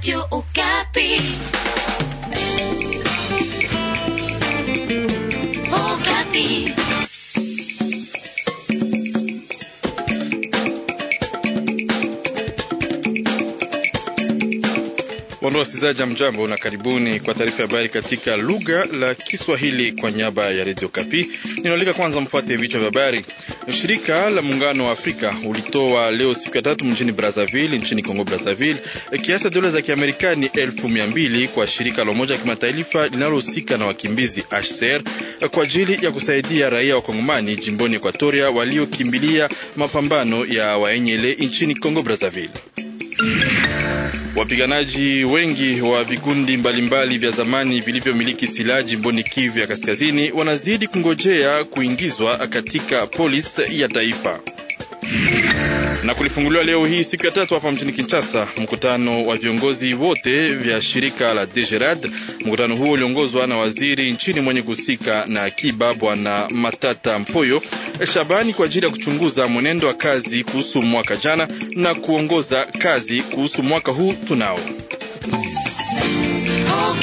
Radio Okapi. Okapi. Wando wasikilizaji, mjambo na karibuni kwa taarifa ya habari katika lugha la Kiswahili. Kwa niaba ya Radio Okapi ninaalika kwanza mfuate vichwa vya habari. Shirika la Muungano wa Afrika ulitoa leo siku ya tatu mjini Brazzaville nchini Kongo Brazzaville kiasi ya dola za Kiamerikani elfu mia mbili kwa shirika la Umoja wa Kimataifa linalohusika na wakimbizi HCR kwa ajili ya kusaidia raia wa Kongomani jimboni ekuatoria waliokimbilia mapambano ya Waenyele nchini Kongo Brazzaville. Wapiganaji wengi wa vikundi mbalimbali vya zamani vilivyomiliki silaha jimboni Kivu ya Kaskazini wanazidi kungojea kuingizwa katika polisi ya taifa na kulifunguliwa leo hii siku ya tatu hapa mjini Kinshasa mkutano wa viongozi wote vya shirika la Degerad. Mkutano huo uliongozwa na waziri nchini mwenye kuhusika na akiba Bwana Matata Mpoyo Shabani kwa ajili ya kuchunguza mwenendo wa kazi kuhusu mwaka jana na kuongoza kazi kuhusu mwaka huu tunao. Oh,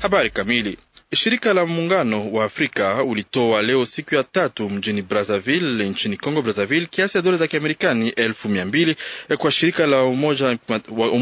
Habari kamili Shirika la Muungano wa Afrika ulitoa leo siku ya tatu mjini Brazzaville nchini Congo Brazzaville kiasi ya dola za Kiamerikani elfu mia mbili eh, kwa shirika la Umoja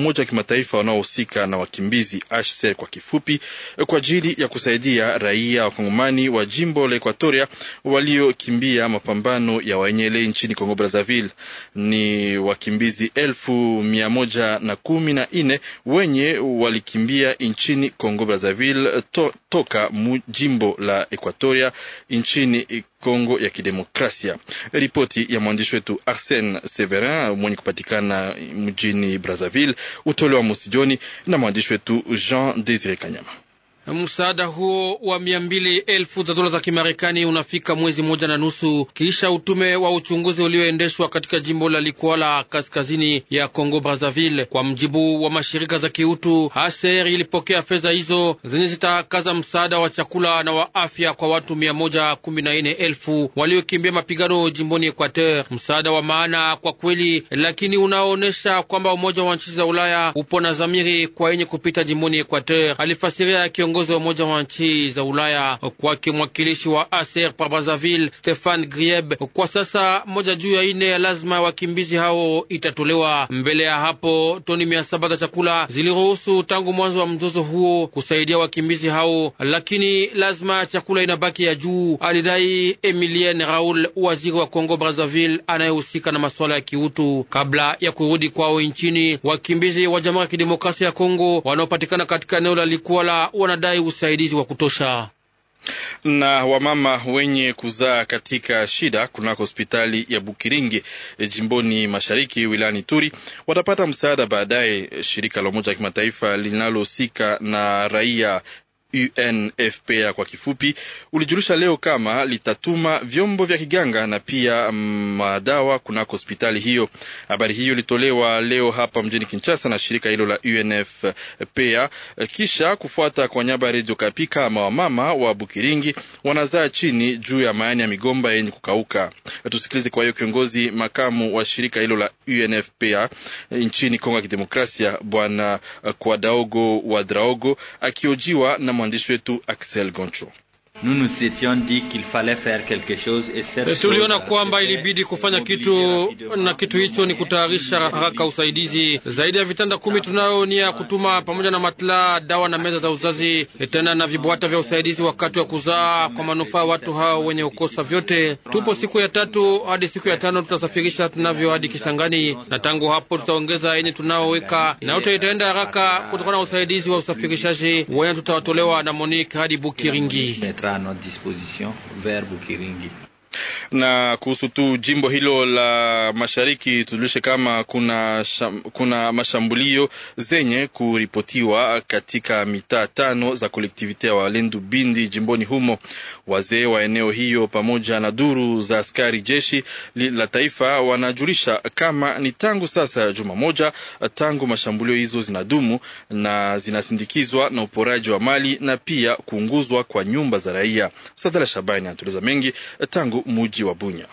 wa Kimataifa wanaohusika na wakimbizi HCR kwa kifupi, eh, kwa ajili ya kusaidia raia wakongomani wa jimbo la equatoria waliokimbia mapambano ya Waenyele nchini Congo Brazzaville. Ni wakimbizi elfu mia moja na kumi na nne wenye walikimbia nchini Congo Brazzaville toka katika jimbo la Equatoria nchini Kongo ya Kidemokrasia. Ripoti ya mwandishi wetu arsène Severin mwenye kupatikana mjini Brazzaville utolewa mosi na mwandishi wetu Jean Desire Kanyama. Msaada huo wa mia mbili elfu za dola za Kimarekani unafika mwezi moja na nusu kisha utume wa uchunguzi ulioendeshwa katika jimbo la Likwala kaskazini ya Kongo Brazzaville. Kwa mjibu wa mashirika za kiutu, Aser ilipokea fedha hizo zenye zitakaza msaada wa chakula na wa afya kwa watu mia moja kumi na nne elfu waliokimbia mapigano jimboni Equateur. Msaada wa maana kwa kweli, lakini unaoonyesha kwamba umoja wa nchi za Ulaya upo na zamiri kwa yenye kupita jimboni Equateur, alifasiria kiongozi kiongozi wa moja wa nchi za Ulaya, kwake mwakilishi wa ASER pa Brazzaville Stefan Grieb. Kwa sasa moja juu ya ine ya lazima ya wakimbizi hao itatolewa. Mbele ya hapo, toni mia saba za chakula ziliruhusu tangu mwanzo wa mzozo huo kusaidia wakimbizi hao, lakini lazima ya chakula inabaki ya juu, alidai Emilien raul waziri wa Kongo Brazzaville anayehusika na masuala ya kiutu. Kabla ya kurudi kwao nchini, wakimbizi wa Jamhuri ya Kidemokrasia ya Kongo wanaopatikana katika eneo la Likwala wanadai wanadai usaidizi wa kutosha na wamama wenye kuzaa katika shida kunako hospitali ya Bukiringi e, jimboni mashariki wilayani Turi watapata msaada baadaye. E, shirika la Umoja wa Kimataifa linalohusika na raia UNFPA kwa kifupi, ulijulisha leo kama litatuma vyombo vya kiganga na pia madawa kunako hospitali hiyo. Habari hiyo ilitolewa leo hapa mjini Kinshasa na shirika hilo la UNFPA kisha kufuata kwa nyaba ya redio Kapi kama wamama wa Bukiringi wanazaa chini juu ya maani ya migomba yenye kukauka. Tusikilize kwa hiyo kiongozi makamu wa shirika hilo la UNFPA eh, nchini Kongo ya Kidemokrasia, Bwana Kwadaogo wa Draogo akiojiwa na mandiswe tou aksel ganchou. Tuliona kwamba ilibidi kufanya kitu na kitu hicho ni kutayarisha haraka usaidizi zaidi ya vitanda kumi tunayo nia kutuma pamoja na matla, dawa na meza za uzazi, eh, tena na vibwata vya usaidizi wakati wa kuzaa kwa manufaa watu hao wenye ukosa vyote. Tupo siku ya tatu hadi siku ya tano, tutasafirisha tunavyo hadi Kisangani na tangu hapo tutaongeza yenye tunaoweka na yote itaenda haraka kutokana na usaidizi wa usafirishaji wenye tutawatolewa na Monique hadi Bukiringi. à notre disposition vers kiringi. Na kuhusu tu jimbo hilo la mashariki tujulishe kama kuna, sham, kuna mashambulio zenye kuripotiwa katika mitaa tano za kolektivite ya Walendu Bindi jimboni humo. Wazee wa eneo hiyo pamoja na duru za askari jeshi la taifa wanajulisha kama ni tangu sasa juma moja tangu mashambulio hizo zinadumu na zinasindikizwa na uporaji wa mali na pia kuunguzwa kwa nyumba za raia. Sadala Shabani anatueleza mengi tangu muji mji wa Bunya.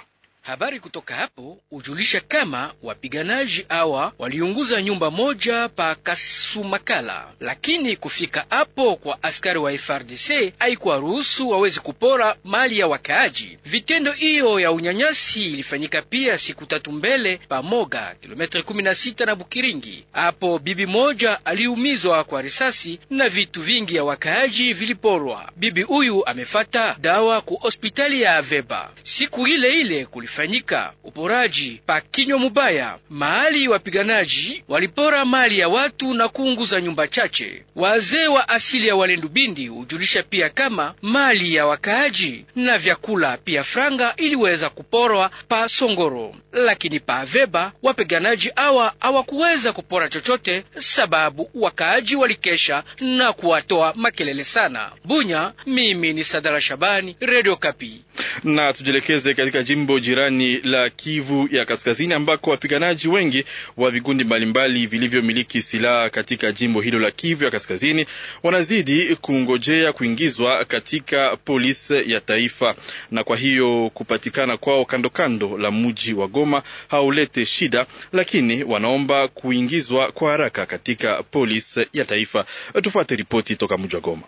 Habari kutoka hapo hujulisha kama wapiganaji hawa waliunguza nyumba moja pa Kasumakala, lakini kufika hapo kwa askari wa FRDC haikuwa ruhusu wawezi kupora mali ya wakaaji. Vitendo hiyo ya unyanyasi ilifanyika pia siku tatu mbele pa Moga, kilomita 16 na Bukiringi. Hapo bibi moja aliumizwa kwa risasi na vitu vingi ya wakaaji viliporwa. Bibi huyu amefata dawa ku hospitali ya Aveba siku ile ile kulifanyika ilifanyika uporaji pa kinywa mubaya, mahali wapiganaji walipora mali ya watu na kuunguza nyumba chache. Wazee wa asili ya Walendu Bindi hujulisha pia kama mali ya wakaaji na vyakula pia franga iliweza kuporwa pa Songoro, lakini pa Aveba wapiganaji awa hawakuweza kupora chochote, sababu wakaaji walikesha na kuwatoa makelele sana. Bunya, mimi ni Sadala Shabani, Radio Kapi. Na tujielekeze katika jimbo jirani la Kivu ya Kaskazini, ambako wapiganaji wengi wa vikundi mbalimbali vilivyomiliki silaha katika jimbo hilo la Kivu ya Kaskazini wanazidi kungojea kuingizwa katika polisi ya taifa, na kwa hiyo kupatikana kwao kando kando la mji wa Goma haulete shida, lakini wanaomba kuingizwa kwa haraka katika polisi ya taifa. Tufuate ripoti toka mji wa Goma.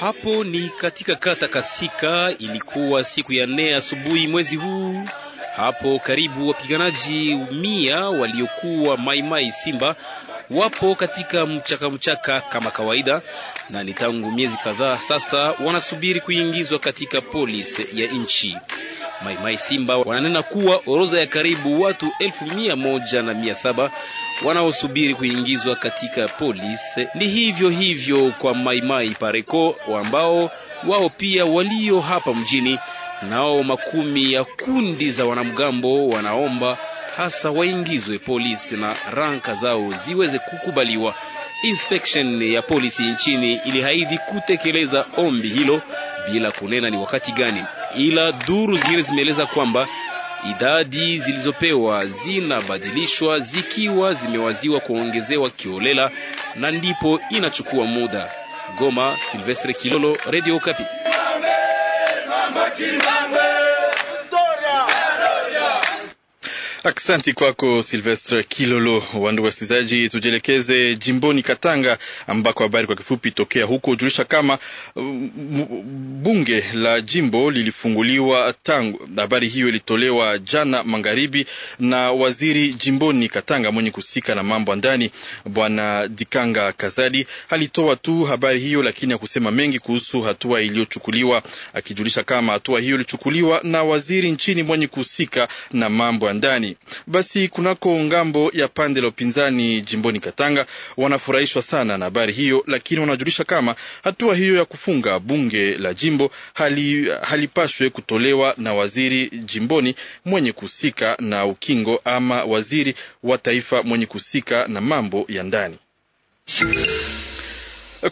Hapo ni katika kata Kasika. Ilikuwa siku ya nne asubuhi mwezi huu. Hapo karibu wapiganaji mia waliokuwa Maimai Simba wapo katika mchaka mchaka kama kawaida, na ni tangu miezi kadhaa sasa wanasubiri kuingizwa katika polisi ya nchi. Maimai Simba wananena kuwa orodha ya karibu watu elfu mia moja na mia saba wanaosubiri kuingizwa katika polisi ni hivyo hivyo kwa Maimai Pareko ambao wao pia walio hapa mjini. Nao makumi ya kundi za wanamgambo wanaomba hasa waingizwe polisi na ranka zao ziweze kukubaliwa. Inspection ya polisi nchini ilihaidi kutekeleza ombi hilo bila kunena ni wakati gani ila duru zingine zimeeleza kwamba idadi zilizopewa zinabadilishwa zikiwa zimewaziwa kuongezewa kiolela, na ndipo inachukua muda. Goma, Silvestre Kilolo, Radio Kapi. Aksanti kwako Silvestre Kilolo. Wandu wasikilizaji, tujielekeze jimboni Katanga ambako habari kwa kifupi tokea huko hujulisha kama mm, mm, bunge la jimbo lilifunguliwa tangu. Habari hiyo ilitolewa jana magharibi na waziri jimboni Katanga mwenye kuhusika na mambo ya ndani, bwana Dikanga Kazadi. Alitoa tu habari hiyo, lakini akusema mengi kuhusu hatua iliyochukuliwa, akijulisha kama hatua hiyo ilichukuliwa na waziri nchini mwenye kuhusika na mambo ya ndani. Basi kunako ngambo ya pande la upinzani jimboni Katanga wanafurahishwa sana na habari hiyo, lakini wanajulisha kama hatua hiyo ya kufunga bunge la jimbo hali, halipashwe kutolewa na waziri jimboni mwenye kuhusika na ukingo ama waziri wa taifa mwenye kuhusika na mambo ya ndani.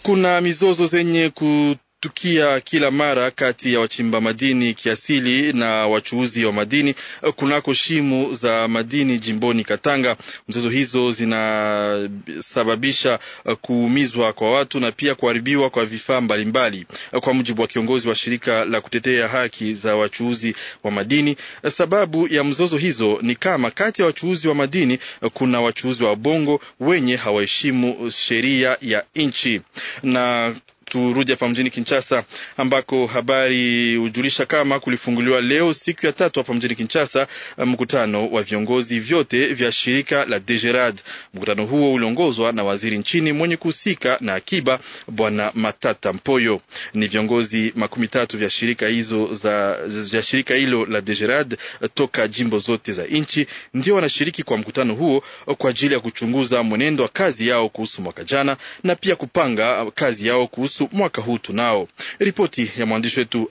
Kuna mizozo zenye ku kutukia kila mara kati ya wachimba madini kiasili na wachuuzi wa madini eh, kunako shimu za madini jimboni Katanga. Mzozo hizo zinasababisha eh, kuumizwa kwa watu na pia kuharibiwa kwa vifaa mbalimbali. Eh, kwa mujibu wa kiongozi wa shirika la kutetea haki za wachuuzi wa madini, sababu ya mzozo hizo ni kama kati ya wachuuzi wa madini kuna wachuuzi wa bongo wenye hawaheshimu sheria ya nchi na Turudi hapa mjini Kinshasa ambako habari hujulisha kama kulifunguliwa leo siku ya tatu hapa mjini Kinshasa um, mkutano wa viongozi vyote vya shirika la Degerad. Mkutano huo uliongozwa na waziri nchini mwenye kuhusika na akiba Bwana Matata Mpoyo. Ni viongozi makumi tatu vya shirika hizo za vya shirika hilo la Degerad uh, toka jimbo zote za nchi ndio wanashiriki kwa mkutano huo uh, kwa ajili ya kuchunguza mwenendo wa kazi yao kuhusu mwaka jana na pia kupanga uh, kazi yao kuhusu kuhusu mwaka huu tunao. Ripoti ya mwandishi wetu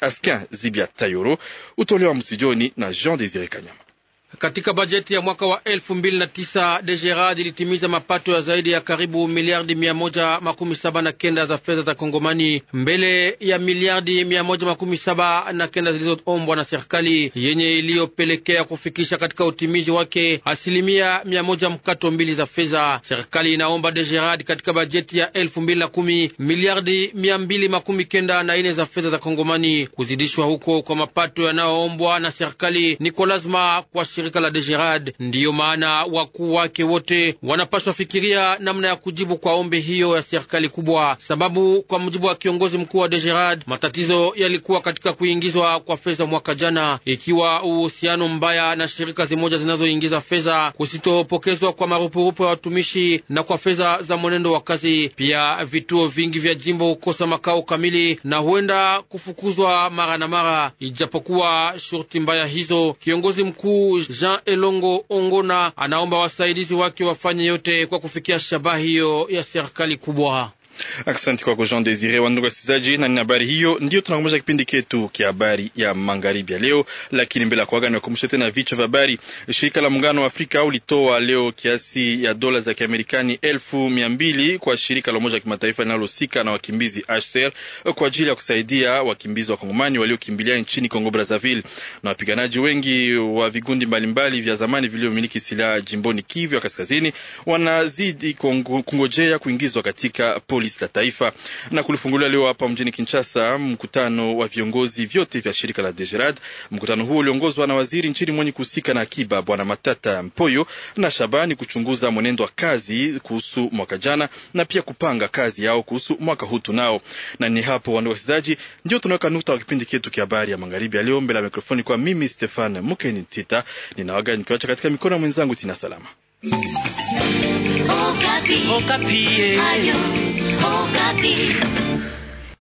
Askin Zibia Tayoro utolewa msijoni na Jean Desire Kanyama. Katika bajeti ya mwaka wa elfu mbili na tisa Degerad ilitimiza mapato ya zaidi ya karibu miliardi mia moja makumi saba na kenda za fedha za Kongomani mbele ya miliardi mia moja makumi saba na kenda zilizoombwa na serikali yenye iliyopelekea kufikisha katika utimizi wake asilimia mia moja mkato mbili za fedha. Serikali inaomba Degerad katika bajeti ya elfu mbili na kumi miliardi mia mbili makumi kenda na ine za fedha za Kongomani. Kuzidishwa huko kwa mapato yanayoombwa na serikali ni kwa lazima kwa shirika la Dejerad. Ndiyo maana wakuu wake wote wanapaswa fikiria namna ya kujibu kwa ombi hiyo ya serikali kubwa, sababu kwa mujibu wa kiongozi mkuu wa Dejerad, matatizo yalikuwa katika kuingizwa kwa fedha mwaka jana, ikiwa uhusiano mbaya na shirika zimoja zinazoingiza fedha, kusitopokezwa kwa marupurupu ya watumishi na kwa fedha za mwenendo wa kazi, pia vituo vingi vya jimbo hukosa makao kamili na huenda kufukuzwa mara na mara. Ijapokuwa shurti mbaya hizo, kiongozi mkuu Jean Elongo Ongona anaomba wasaidizi wake wafanye yote kwa kufikia shabaha hiyo ya serikali kubwa. Asante kwako Jean Desire. Wandugu wasikilizaji, na ni habari hiyo ndio tunakomesha kipindi ketu kia habari ya magharibi ya leo, lakini mbele ya kuaga niwakumbushe tena vichwa vya habari. Shirika la muungano wa Afrika ulitoa leo kiasi ya dola za Kiamerikani elfu mia mbili kwa shirika la umoja wa kimataifa linalohusika na wakimbizi HCR kwa ajili ya kusaidia wakimbizi wa Kongomani waliokimbilia nchini Kongo Brazzaville, na wapiganaji wengi wa vigundi mbalimbali vya zamani vilivyomiliki silaha jimboni Kivu ya kaskazini wanazidi kungojea kuingizwa katika polisi cha taifa na kulifungulia leo hapa mjini Kinshasa mkutano wa viongozi vyote vya shirika la Degerad. Mkutano huo uliongozwa na waziri nchini mwenye kuhusika na akiba Bwana Matata Mpoyo na Shabani kuchunguza mwenendo wa kazi kuhusu mwaka jana na pia kupanga kazi yao kuhusu mwaka huu tunao. Na ni hapo wandugu wasikilizaji, ndio tunaweka nukta wa kipindi kietu kia habari ya magharibi ya leo. Mbele ya mikrofoni kwa mimi Stefan Mukeni Tita ninawaga nikiwacha katika mikono ya mwenzangu Tina Salama. Okapi. Oh, Okapi. Oh, eh.